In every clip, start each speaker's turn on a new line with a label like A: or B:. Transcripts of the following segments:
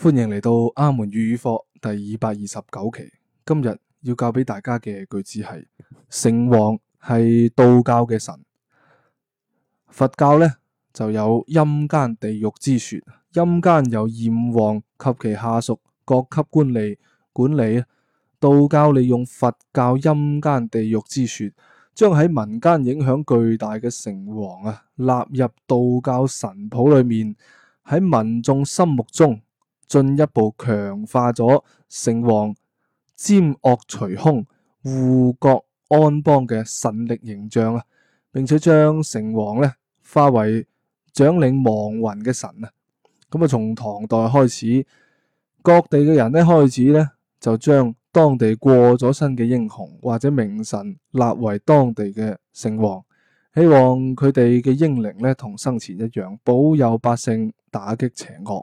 A: 歡迎嚟到阿門粵語課第二百二十九期。今日要教俾大家嘅句子係：城隍係道教嘅神，佛教呢就有陰間地獄之說。陰間有閻王及其下屬各級官吏管理。道教利用佛教陰間地獄之說，將喺民間影響巨大嘅城隍啊，納入道教神譜裏面，喺民眾心目中。進一步強化咗城隍殲惡除兇、護國安邦嘅神力形象啊，並且將城隍咧化為掌領亡魂嘅神啊。咁啊，從唐代開始，各地嘅人咧開始咧就將當地過咗身嘅英雄或者名神立為當地嘅城隍，希望佢哋嘅英靈咧同生前一樣，保佑百姓，打擊邪惡。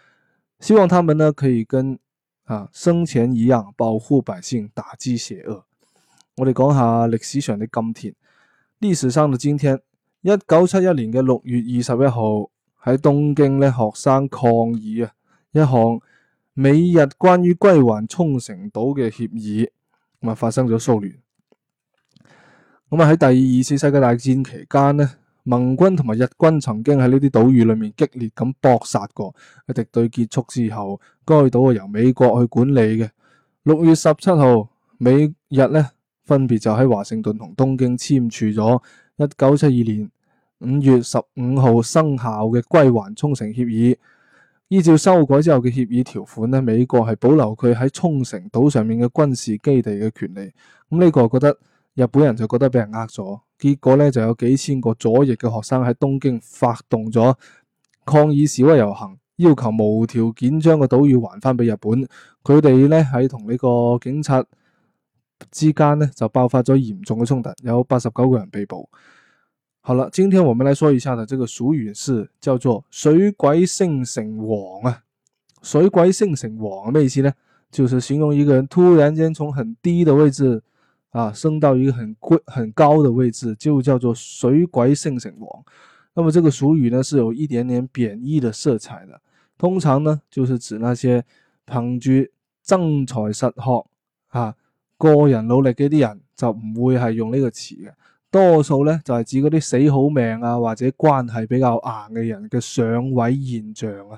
A: 希望他們呢，可以跟啊生前一樣保護百姓、打擊邪惡。我哋講下歷史上的今天。歷史上的今天，一九七一年嘅六月二十一號喺東京呢，學生抗議啊一項美日關於歸還沖繩島嘅協議，咁啊發生咗騷亂。咁啊喺第二次世界大戰期間呢，盟軍同埋日軍曾經喺呢啲島嶼裏面激烈咁搏殺過。誒，敵對結束之後，該島係由美國去管理嘅。六月十七號，美日呢分別就喺華盛頓同東京簽署咗一九七二年五月十五號生效嘅歸還沖繩協議。依照修改之後嘅協議條款呢美國係保留佢喺沖繩島上面嘅軍事基地嘅權利。咁、嗯、呢、呢個覺得。日本人就覺得俾人呃咗，結果咧就有幾千個左翼嘅學生喺東京發動咗抗議示威遊行，要求無條件將個島嶼還翻俾日本。佢哋咧喺同呢個警察之間呢就爆發咗嚴重嘅衝突，有八十九個人被捕。好了，今天我們來說一下呢，這個俗語是叫做“水鬼升城隍”啊，“水鬼升城隍”咩意思呢？就是形容一個人突然間從很低的位置。啊，升到一個很高很高的位置，就叫做水鬼升城隍。那麼這個俗語呢，是有一點點貶義的色彩啦。通常呢，就是指那些憑住真才實學啊，個人努力嘅啲人就唔會係用呢個詞嘅。多數呢，就係指嗰啲死好命啊，或者關係比較硬嘅人嘅上位現象啊。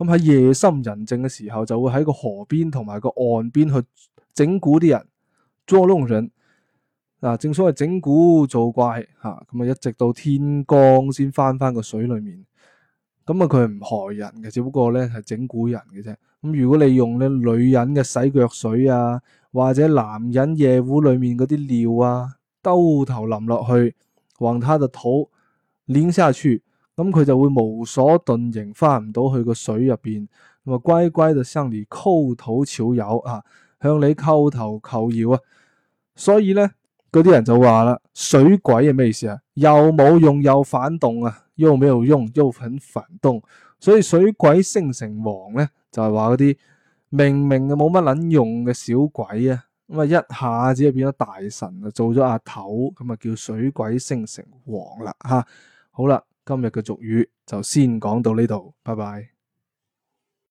A: 咁喺夜深人靜嘅時候，就會喺個河邊同埋個岸邊去整蠱啲人，捉弄人。嗱，正所謂整蠱做怪嚇，咁啊一直到天光先翻翻個水裡面。咁啊佢係唔害人嘅，只不過咧係整蠱人嘅啫。咁如果你用啲女人嘅洗腳水啊，或者男人夜壺裡面嗰啲尿啊，兜頭淋落去，往他的肚，淋下去。咁佢就會無所遁形，翻唔到去個水入邊，咁啊乖乖就生嚟枯土朝友啊，向你叩頭叩腰啊。所以咧，嗰啲人就話啦，水鬼係咩意思啊？又冇用又反動啊，又沒用又很反動。所以水鬼升城隍咧，就係話嗰啲明明冇乜捻用嘅小鬼啊，咁啊一下子就變咗大神啊，做咗阿頭，咁啊叫水鬼升城隍啦吓、啊。好啦。今日嘅俗語就先講到呢度，拜拜。